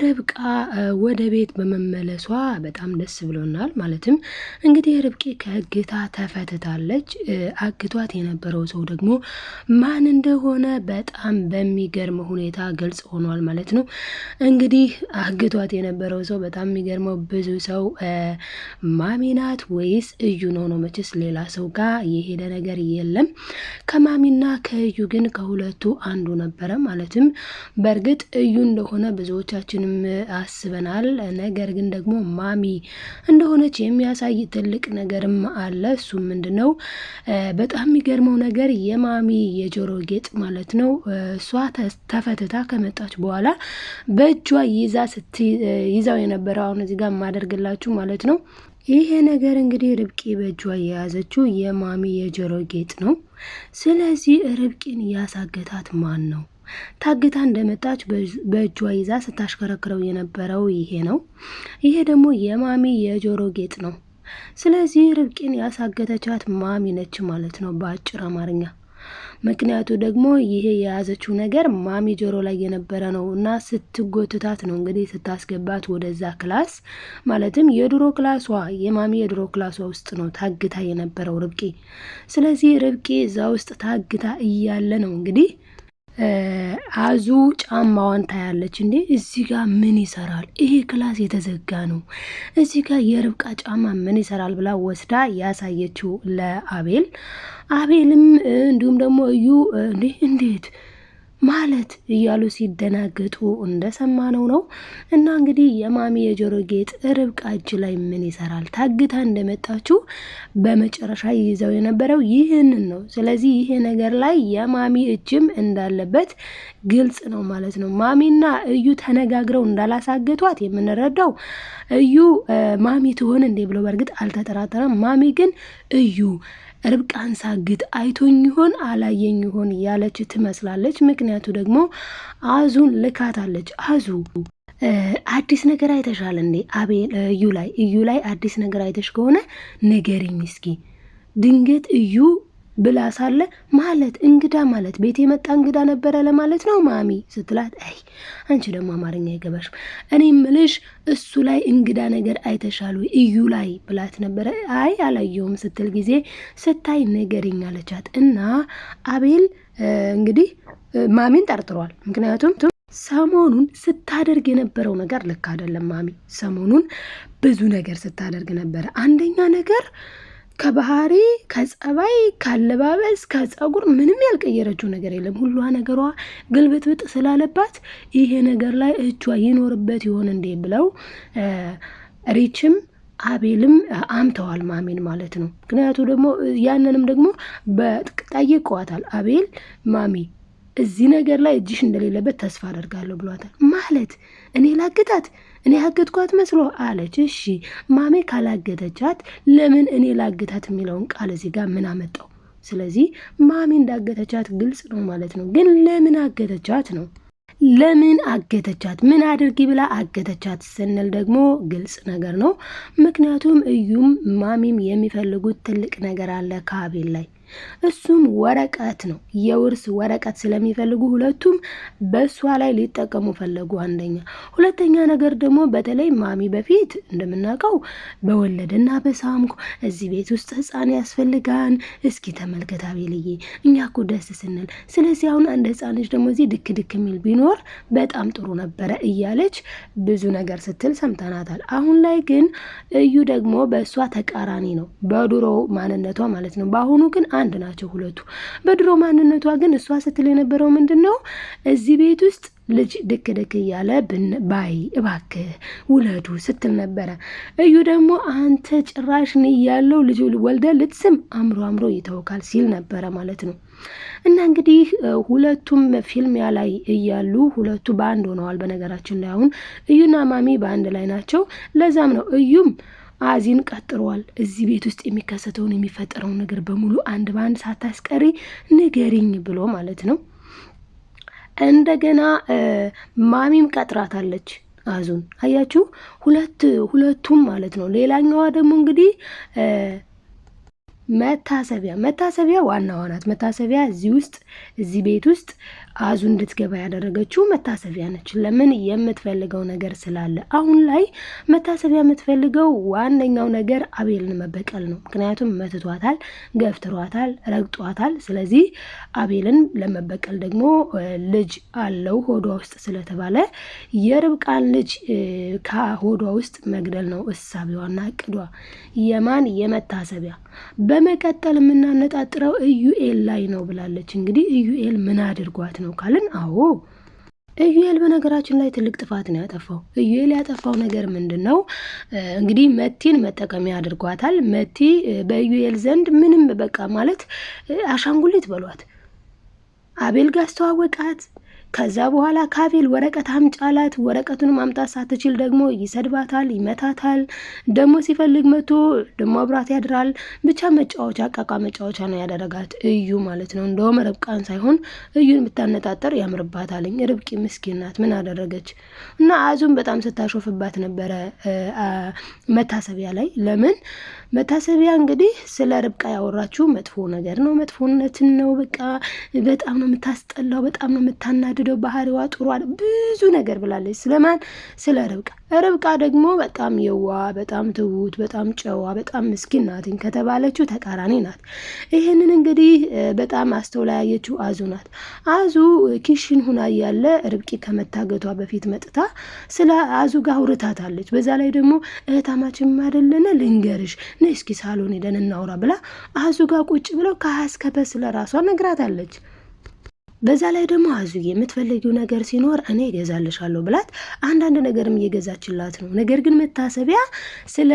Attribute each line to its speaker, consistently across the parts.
Speaker 1: ርብቃ ወደ ቤት በመመለሷ በጣም ደስ ብሎናል። ማለትም እንግዲህ ርብቄ ከእግታ ተፈትታለች። አግቷት የነበረው ሰው ደግሞ ማን እንደሆነ በጣም በሚገርም ሁኔታ ግልጽ ሆኗል ማለት ነው። እንግዲህ አግቷት የነበረው ሰው በጣም የሚገርመው ብዙ ሰው ማሚናት ወይስ እዩ ነው ነው። መችስ ሌላ ሰው ጋር የሄደ ነገር የለም። ከማሚና ከእዩ ግን ከሁለቱ አንዱ ነበረ። ማለትም በእርግጥ እዩ እንደሆነ ብዙዎቻቸው ሁላችንም አስበናል። ነገር ግን ደግሞ ማሚ እንደሆነች የሚያሳይ ትልቅ ነገርም አለ። እሱ ምንድን ነው? በጣም የሚገርመው ነገር የማሚ የጆሮ ጌጥ ማለት ነው። እሷ ተፈትታ ከመጣች በኋላ በእጇ ይዛ ይዛው የነበረው አሁን እዚህ ጋር የማደርግላችሁ ማለት ነው። ይሄ ነገር እንግዲህ ርብቂ በእጇ የያዘችው የማሚ የጆሮ ጌጥ ነው። ስለዚህ ርብቃን ያሳገታት ማን ነው? ታግታ እንደመጣች በእጇ ይዛ ስታሽከረክረው የነበረው ይሄ ነው። ይሄ ደግሞ የማሚ የጆሮ ጌጥ ነው። ስለዚህ ርብቂን ያሳገተቻት ማሚ ነች ማለት ነው በአጭር አማርኛ። ምክንያቱ ደግሞ ይሄ የያዘችው ነገር ማሚ ጆሮ ላይ የነበረ ነው እና ስትጎትታት ነው እንግዲህ ስታስገባት ወደዛ ክላስ ማለትም የድሮ ክላሷ የማሚ የድሮ ክላሷ ውስጥ ነው ታግታ የነበረው ርብቂ ስለዚህ ርብቂ እዛ ውስጥ ታግታ እያለ ነው እንግዲህ አዙ ጫማዋን ታያለች። እንዴ እዚህ ጋር ምን ይሰራል? ይሄ ክላስ የተዘጋ ነው። እዚህ ጋር የርብቃ ጫማ ምን ይሰራል ብላ ወስዳ ያሳየችው ለአቤል። አቤልም እንዲሁም ደግሞ እዩ እንዴት ማለት እያሉ ሲደናገጡ እንደሰማነው ነው። እና እንግዲህ የማሚ የጆሮ ጌጥ ርብቃ እጅ ላይ ምን ይሰራል? ታግታ እንደመጣችው በመጨረሻ ይዘው የነበረው ይህንን ነው። ስለዚህ ይሄ ነገር ላይ የማሚ እጅም እንዳለበት ግልጽ ነው ማለት ነው። ማሚና እዩ ተነጋግረው እንዳላሳገቷት የምንረዳው እዩ ማሚ ትሆን እንዴ ብሎ በእርግጥ አልተጠራጠረም። ማሚ ግን እዩ ርብቃን ሳግት አይቶኝ ይሆን አላየኝ ይሆን ያለች ትመስላለች። ምክንያቱ ደግሞ አዙን ልካታለች። አዙ አዲስ ነገር አይተሻል እንዴ? አቤ እዩ ላይ እዩ ላይ አዲስ ነገር አይተሽ ከሆነ ንገሪኝ እስኪ። ድንገት እዩ ብላ ሳለ ማለት እንግዳ ማለት ቤት የመጣ እንግዳ ነበረ ለማለት ነው ማሚ ስትላት፣ አይ አንቺ ደግሞ አማርኛ አይገባሽም። እኔ ምልሽ እሱ ላይ እንግዳ ነገር አይተሻሉ እዩ ላይ ብላት ነበረ። አይ አላየውም ስትል ጊዜ ስታይ ነገርኝ አለቻት። እና አቤል እንግዲህ ማሚን ጠርጥሯል። ምክንያቱም ሰሞኑን ስታደርግ የነበረው ነገር ልክ አይደለም። ማሚ ሰሞኑን ብዙ ነገር ስታደርግ ነበረ። አንደኛ ነገር ከባህሪ ከጸባይ ካለባበስ ከጸጉር ምንም ያልቀየረችው ነገር የለም። ሁሏ ነገሯ ግልብጥብጥ ስላለባት ይሄ ነገር ላይ እጇ ይኖርበት ይሆን እንዴ ብለው ሪችም አቤልም አምተዋል ማሜን ማለት ነው። ምክንያቱ ደግሞ ያንንም ደግሞ ጠይቀዋታል። አቤል ማሚ እዚህ ነገር ላይ እጅሽ እንደሌለበት ተስፋ አደርጋለሁ ብሏታል። ማለት እኔ ላግታት እኔ ያገድኳት መስሎ አለች። እሺ ማሜ ካላገተቻት ለምን እኔ ላግታት የሚለውን ቃል እዚህ ጋር ምን አመጣው? ስለዚህ ማሜ እንዳገተቻት ግልጽ ነው ማለት ነው። ግን ለምን አገተቻት ነው ለምን አገተቻት? ምን አድርጊ ብላ አገተቻት ስንል ደግሞ ግልጽ ነገር ነው። ምክንያቱም እዩም ማሚም የሚፈልጉት ትልቅ ነገር አለ ከአቤል ላይ እሱም ወረቀት ነው። የውርስ ወረቀት ስለሚፈልጉ ሁለቱም በእሷ ላይ ሊጠቀሙ ፈለጉ። አንደኛ፣ ሁለተኛ ነገር ደግሞ በተለይ ማሚ በፊት እንደምናውቀው በወለድና በሳምኩ እዚህ ቤት ውስጥ ህፃን ያስፈልጋን፣ እስኪ ተመልከታ ቤልዬ፣ እኛ እኮ ደስ ስንል። ስለዚህ አሁን አንድ ህፃን ልጅ ደግሞ እዚህ ድክ ድክ የሚል ቢኖር በጣም ጥሩ ነበረ እያለች ብዙ ነገር ስትል ሰምተናታል። አሁን ላይ ግን እዩ ደግሞ በእሷ ተቃራኒ ነው፣ በድሮ ማንነቷ ማለት ነው። በአሁኑ ግን አንድ ናቸው ሁለቱ። በድሮ ማንነቷ ግን እሷ ስትል የነበረው ምንድን ነው? እዚህ ቤት ውስጥ ልጅ ድክ ድክ እያለ ባይ እባክ ውለዱ ስትል ነበረ። እዩ ደግሞ አንተ ጭራሽ ን እያለው ልጅ ወልደ ልትስም አምሮ አምሮ ይተወካል ሲል ነበረ ማለት ነው። እና እንግዲህ ሁለቱም ፊልሚያ ላይ እያሉ ሁለቱ በአንድ ሆነዋል። በነገራችን ላይ አሁን እዩና ማሚ በአንድ ላይ ናቸው። ለዛም ነው እዩም አዚን ቀጥሯል። እዚህ ቤት ውስጥ የሚከሰተውን የሚፈጠረውን ነገር በሙሉ አንድ በአንድ ሳታስቀሪ ንገሪኝ ብሎ ማለት ነው። እንደገና ማሚም ቀጥራታለች አዙን አያችሁ፣ ሁለት ሁለቱም ማለት ነው። ሌላኛዋ ደግሞ እንግዲህ መታሰቢያ መታሰቢያ ዋናዋ ናት። መታሰቢያ እዚህ ውስጥ እዚህ ቤት ውስጥ አዙ እንድትገባ ያደረገችው መታሰቢያ ነች። ለምን የምትፈልገው ነገር ስላለ። አሁን ላይ መታሰቢያ የምትፈልገው ዋነኛው ነገር አቤልን መበቀል ነው። ምክንያቱም መትቷታል፣ ገፍትሯታል፣ ረግጧታል። ስለዚህ አቤልን ለመበቀል ደግሞ ልጅ አለው ሆዷ ውስጥ ስለተባለ የርብቃን ልጅ ከሆዷ ውስጥ መግደል ነው እሳቢዋና እቅዷ። የማን የመታሰቢያ በመቀጠል የምናነጣጥረው እዩኤል ላይ ነው ብላለች። እንግዲህ እዩኤል ምን አድርጓት ነው ካልን፣ አዎ እዩኤል በነገራችን ላይ ትልቅ ጥፋት ነው ያጠፋው። እዩኤል ያጠፋው ነገር ምንድን ነው? እንግዲህ መቲን መጠቀሚያ አድርጓታል። መቲ በኢዩኤል ዘንድ ምንም በቃ ማለት አሻንጉሊት በሏት። አቤል አስተዋወቃት። ከዛ በኋላ ካቤል ወረቀት አምጫላት ወረቀቱን ማምጣት ሳትችል ደግሞ ይሰድባታል፣ ይመታታል። ደግሞ ሲፈልግ መቶ ደግሞ አብራት ያድራል። ብቻ መጫወቻ አቃቃ መጫወቻ ነው ያደረጋት እዩ ማለት ነው። እንደውም ርብቃን ሳይሆን እዩን ብታነጣጠር ያምርባታልኝ። ርብቂ ምስኪናት ምን አደረገች እና አዙን በጣም ስታሾፍባት ነበረ መታሰቢያ ላይ። ለምን መታሰቢያ እንግዲህ ስለ ርብቃ ያወራችው መጥፎ ነገር ነው፣ መጥፎነትን ነው። በቃ በጣም ነው የምታስጠላው፣ በጣም ነው የምታናደ የምትወደደው ባህሪዋ ጥሩ አለ ብዙ ነገር ብላለች። ስለማን? ስለ ርብቃ። ርብቃ ደግሞ በጣም የዋ፣ በጣም ትውት፣ በጣም ጨዋ፣ በጣም ምስኪን ናትኝ ከተባለችው ተቃራኒ ናት። ይህንን እንግዲህ በጣም አስተውላ ያየችው አዙ ናት። አዙ ኪሽን ሁና እያለ ርብቂ ከመታገቷ በፊት መጥታ ስለ አዙ ጋር አውርታታለች። በዛ ላይ ደግሞ እህታማችን አይደለነ ልንገርሽ፣ ነይ እስኪ ሳሎን ሄደን እናውራ ብላ አዙ ጋር ቁጭ ብለው ከሀስከበ ስለ ራሷ ነግራታለች። በዛ ላይ ደግሞ አዙዬ የምትፈልጊው ነገር ሲኖር እኔ እገዛልሻለሁ ብላት አንዳንድ ነገርም እየገዛችላት ነው። ነገር ግን መታሰቢያ ስለ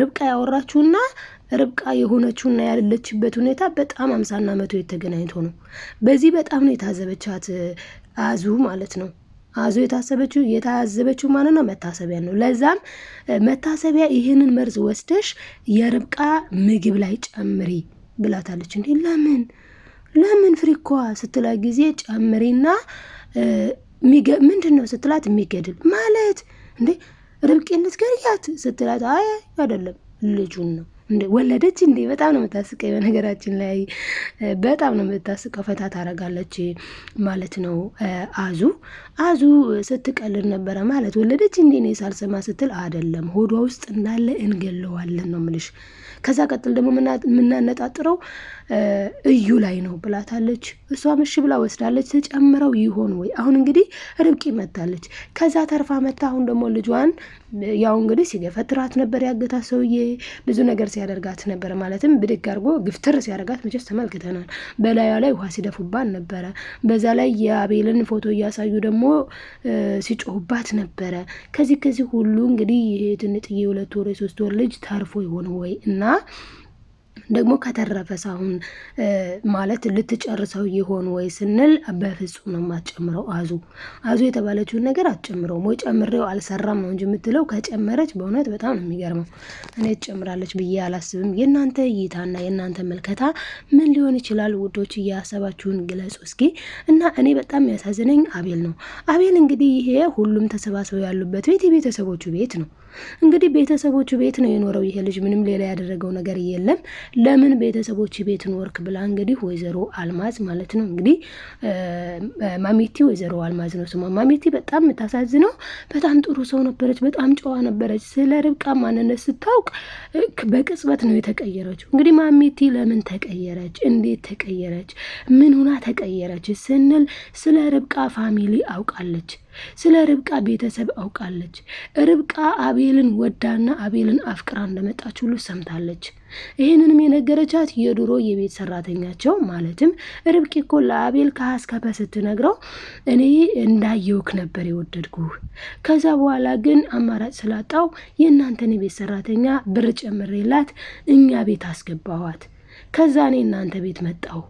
Speaker 1: ርብቃ ያወራችሁና ርብቃ የሆነችውና ያለችበት ሁኔታ በጣም አምሳና መቶ የተገናኝቶ ነው። በዚህ በጣም ነው የታዘበቻት አዙ ማለት ነው። አዙ የታሰበችው የታዘበችው ማለት ነው መታሰቢያ ነው። ለዛም መታሰቢያ ይህንን መርዝ ወስደሽ የርብቃ ምግብ ላይ ጨምሪ ብላታለች። እንዴ ለምን ለምን ፍሪኳ ስትላት ጊዜ ጨምሪና ምንድን ነው ስትላት የሚገድል ማለት እንዴ ርብቄን ልትገርያት ስትላት አይ አይደለም ልጁን ነው ወለደች እንዴ! በጣም ነው የምታስቀኝ። በነገራችን ላይ በጣም ነው የምታስቀው። ፈታ ታረጋለች ማለት ነው። አዙ አዙ ስትቀልድ ነበረ ማለት ወለደች እንዴ እኔ ሳልሰማ ስትል አይደለም፣ ሆዷ ውስጥ እንዳለ እንገለዋለን ነው ምልሽ። ከዛ ቀጥል ደግሞ የምናነጣጥረው እዩ ላይ ነው ብላታለች። እሷ ምሽ ብላ ወስዳለች። ተጨምረው ይሆን ወይ አሁን እንግዲህ ርብቂ መታለች። ከዛ ተርፋ መታ አሁን ደግሞ ልጇን ያው እንግዲህ ሲገፈትራት ነበር ያገታት ሰውዬ ብዙ ነገር ሲያደርጋት ነበር። ማለትም ብድግ አድርጎ ግፍትር ሲያደርጋት መቼስ ተመልክተናል። በላዩ ላይ ውሃ ሲደፉባት ነበረ። በዛ ላይ የአቤልን ፎቶ እያሳዩ ደግሞ ሲጮሁባት ነበረ። ከዚህ ከዚህ ሁሉ እንግዲህ ይሄ ትንጥዬ ሁለት ወር የሶስት ወር ልጅ ታርፎ ይሆን ወይ እና ደግሞ ከተረፈስ አሁን ማለት ልትጨርሰው ይሆን ወይ ስንል በፍጹም ነው የማትጨምረው። አዙ አዙ የተባለችውን ነገር አትጨምረውም። ወይ ጨምሬው አልሰራም ነው እንጂ የምትለው። ከጨመረች በእውነት በጣም ነው የሚገርመው። እኔ ትጨምራለች ብዬ አላስብም። የእናንተ እይታና የእናንተ መልከታ ምን ሊሆን ይችላል ውዶች? እያሰባችሁን ግለጹ እስኪ። እና እኔ በጣም ያሳዝነኝ አቤል ነው። አቤል እንግዲህ ይሄ ሁሉም ተሰባስበው ያሉበት ቤት የቤተሰቦቹ ቤት ነው እንግዲህ ቤተሰቦቹ ቤት ነው የኖረው ይሄ ልጅ ምንም ሌላ ያደረገው ነገር የለም። ለምን ቤተሰቦች ቤት ኖርክ ብላ እንግዲህ ወይዘሮ አልማዝ ማለት ነው እንግዲህ ማሚቲ ወይዘሮ አልማዝ ነው ስሟ። ማሚቲ በጣም የምታሳዝነው በጣም ጥሩ ሰው ነበረች፣ በጣም ጨዋ ነበረች። ስለ ርብቃ ማንነት ስታውቅ በቅጽበት ነው የተቀየረችው። እንግዲህ ማሚቲ ለምን ተቀየረች? እንዴት ተቀየረች? ምን ሁና ተቀየረች ስንል ስለ ርብቃ ፋሚሊ አውቃለች። ስለ ርብቃ ቤተሰብ አውቃለች። ርብቃ አቤልን ወዳና አቤልን አፍቅራ እንደመጣች ሁሉ ሰምታለች። ይህንንም የነገረቻት የድሮ የቤት ሰራተኛቸው ማለትም ርብቃ እኮ ለአቤል ከሀስከፈ ስትነግረው እኔ እንዳየውክ ነበር የወደድኩ። ከዛ በኋላ ግን አማራጭ ስላጣው የእናንተን የቤት ሰራተኛ ብር ጨምሬላት እኛ ቤት አስገባኋት። ከዛ እኔ እናንተ ቤት መጣሁ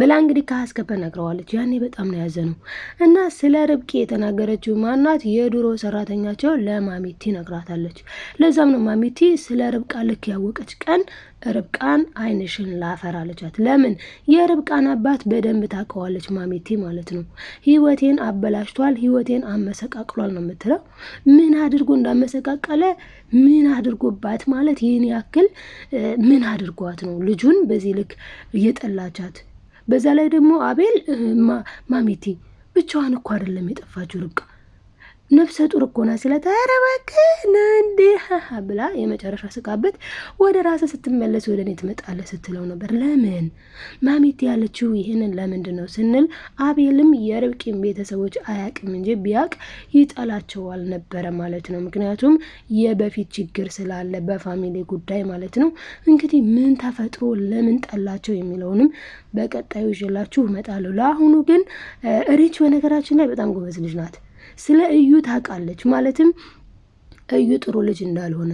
Speaker 1: ብላ እንግዲህ ከአስከበር ነግረዋለች። ያኔ በጣም ነው ነው እና ስለ ርብቂ የተናገረችው ማናት? የድሮ ሰራተኛቸው ለማሚቲ ነግራታለች። ለዛም ነው ማሚቲ ስለ ርብቃ ልክ ያወቀች ቀን ርብቃን አይንሽን ላፈራለቻት። ለምን የርብቃን አባት በደንብ ታውቀዋለች ማሚቲ ማለት ነው። ህይወቴን አበላሽቷል፣ ህይወቴን አመሰቃቅሏል ነው የምትለው። ምን አድርጎ እንዳመሰቃቀለ ምን አድርጎባት ማለት ይህን ያክል ምን አድርጓት ነው ልጁን በዚህ ልክ እየጠላቻት በዛ ላይ ደግሞ አቤል ማሚቲ ብቻዋን እኮ አይደለም የጠፋችው ርብቃ ነፍሰ ጡር እኮ ናት ስላት ኧረ እባክህ እንዴ ብላ የመጨረሻ ስቃበት ወደ ራስ ስትመለስ ወደ እኔ ትመጣለህ ስትለው ነበር። ለምን ማሚት ያለችው ይህንን ለምንድን ነው ስንል አቤልም የርብቃን ቤተሰቦች አያቅም እንጂ ቢያቅ ይጠላቸው አልነበረ ማለት ነው። ምክንያቱም የበፊት ችግር ስላለ በፋሚሊ ጉዳይ ማለት ነው። እንግዲህ ምን ተፈጥሮ ለምን ጠላቸው የሚለውንም በቀጣዩ ይዤላችሁ እመጣለሁ። ለአሁኑ ግን ሪች በነገራችን ላይ በጣም ጎበዝ ልጅ ናት። ስለ እዩ ታውቃለች። ማለትም እዩ ጥሩ ልጅ እንዳልሆነ፣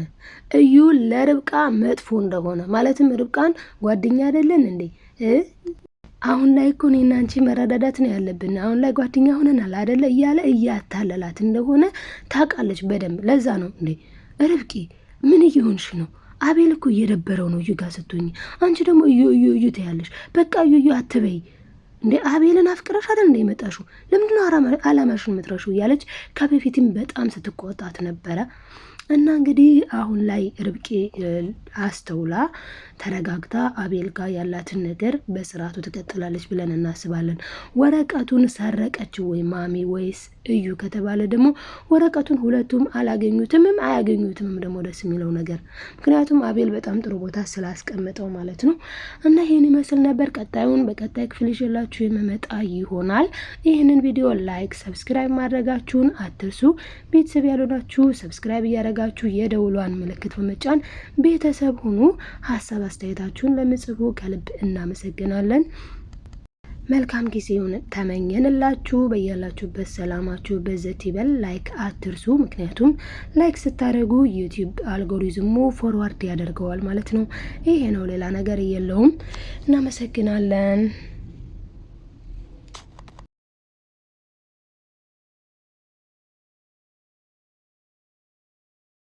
Speaker 1: እዩ ለርብቃ መጥፎ እንደሆነ ማለትም ርብቃን ጓደኛ አይደለን እንዴ አሁን ላይ እኮ እኔና አንቺ መረዳዳት ነው ያለብን፣ አሁን ላይ ጓደኛ ሆነናል አደለ እያለ እያታለላት እንደሆነ ታውቃለች በደንብ። ለዛ ነው እንዴ ርብቂ፣ ምን እየሆንሽ ነው? አቤል እኮ እየደበረው ነው እዩ ጋር ስትሆኝ፣ አንቺ ደግሞ እዩ እዩ እዩ ትያለሽ። በቃ እዩ እዩ አትበይ እንዴ አቤልን አፍቅረሽ አይደል እንደ የመጣሽው ለምንድነው አላማሽን መጥረሹ? እያለች ከበፊትም በጣም ስትቆጣት ነበረ። እና እንግዲህ አሁን ላይ ርብቄ አስተውላ ተረጋግታ አቤል ጋር ያላትን ነገር በስርዓቱ ትቀጥላለች ብለን እናስባለን። ወረቀቱን ሰረቀችው ወይ ማሚ ወይስ እዩ ከተባለ ደግሞ ወረቀቱን ሁለቱም አላገኙትምም አያገኙትምም። ደግሞ ደስ የሚለው ነገር ምክንያቱም አቤል በጣም ጥሩ ቦታ ስላስቀመጠው ማለት ነው። እና ይህን ይመስል ነበር። ቀጣዩን በቀጣይ ክፍል ይዤላችሁ የመመጣ ይሆናል። ይህንን ቪዲዮ ላይክ፣ ሰብስክራይብ ማድረጋችሁን አትርሱ። ቤተሰብ ያልሆናችሁ ሰብስክራይብ እያደረጋ ከፈለጋችሁ የደውሏን ምልክት በመጫን ቤተሰብ ሁኑ። ሀሳብ አስተያየታችሁን ለምጽፉ ከልብ እናመሰግናለን። መልካም ጊዜውን ተመኘንላችሁ። በያላችሁበት ሰላማችሁ በዘት ይበል። ላይክ አትርሱ፣ ምክንያቱም ላይክ ስታደርጉ ዩቲዩብ አልጎሪዝሙ ፎርዋርድ ያደርገዋል ማለት ነው። ይሄ ነው፣ ሌላ ነገር የለውም። እናመሰግናለን።